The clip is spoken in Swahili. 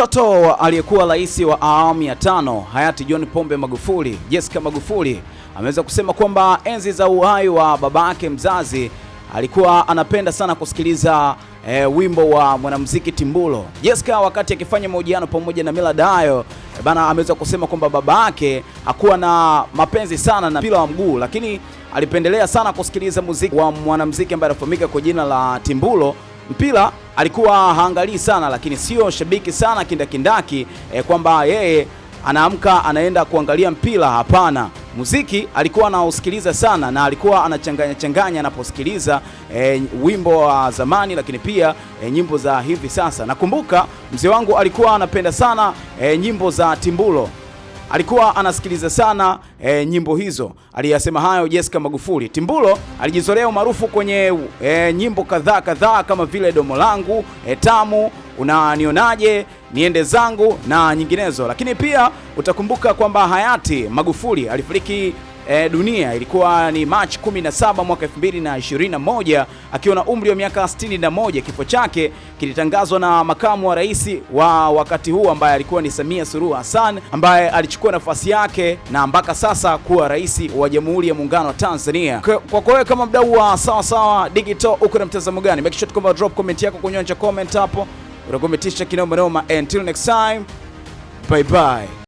Mtoto wa aliyekuwa rais wa awamu ya tano hayati John Pombe Magufuli, Jessica Magufuli, ameweza kusema kwamba enzi za uhai wa baba yake mzazi alikuwa anapenda sana kusikiliza e, wimbo wa mwanamuziki Timbulo. Jessica wakati akifanya mahojiano pamoja na Millard Ayo e, eh, bana ameweza kusema kwamba baba yake hakuwa na mapenzi sana na mpira wa mguu, lakini alipendelea sana kusikiliza muziki wa mwanamuziki ambaye anafahamika kwa jina la Timbulo mpira alikuwa haangalii sana, lakini sio shabiki sana kindakindaki e, kwamba yeye anaamka anaenda kuangalia mpira. Hapana, muziki alikuwa anausikiliza sana na alikuwa anachanganya changanya anaposikiliza e, wimbo wa zamani, lakini pia e, nyimbo za hivi sasa. Nakumbuka mzee wangu alikuwa anapenda sana e, nyimbo za Timbulo alikuwa anasikiliza sana e, nyimbo hizo. Aliyasema hayo Jessica Magufuli. Timbulo alijizolea umaarufu kwenye e, nyimbo kadhaa kadhaa kama vile Domo Langu, e, Tamu, Unanionaje, Niende Zangu na nyinginezo, lakini pia utakumbuka kwamba hayati Magufuli alifariki e, dunia. Ilikuwa ni Machi 17 mwaka 2021 akiwa na umri wa miaka 61. Kifo chake kilitangazwa na makamu wa rais wa wakati huu ambaye alikuwa ni Samia Suluhu Hassan ambaye alichukua nafasi yake na mpaka sasa kuwa rais wa Jamhuri ya Muungano wa Tanzania. Kwa kwa kama mdau wa sawa sawa digital, uko na mtazamo gani? Make sure kwamba drop comment yako kwenye comment hapo, utakometisha kinoma noma. Until next time, bye bye.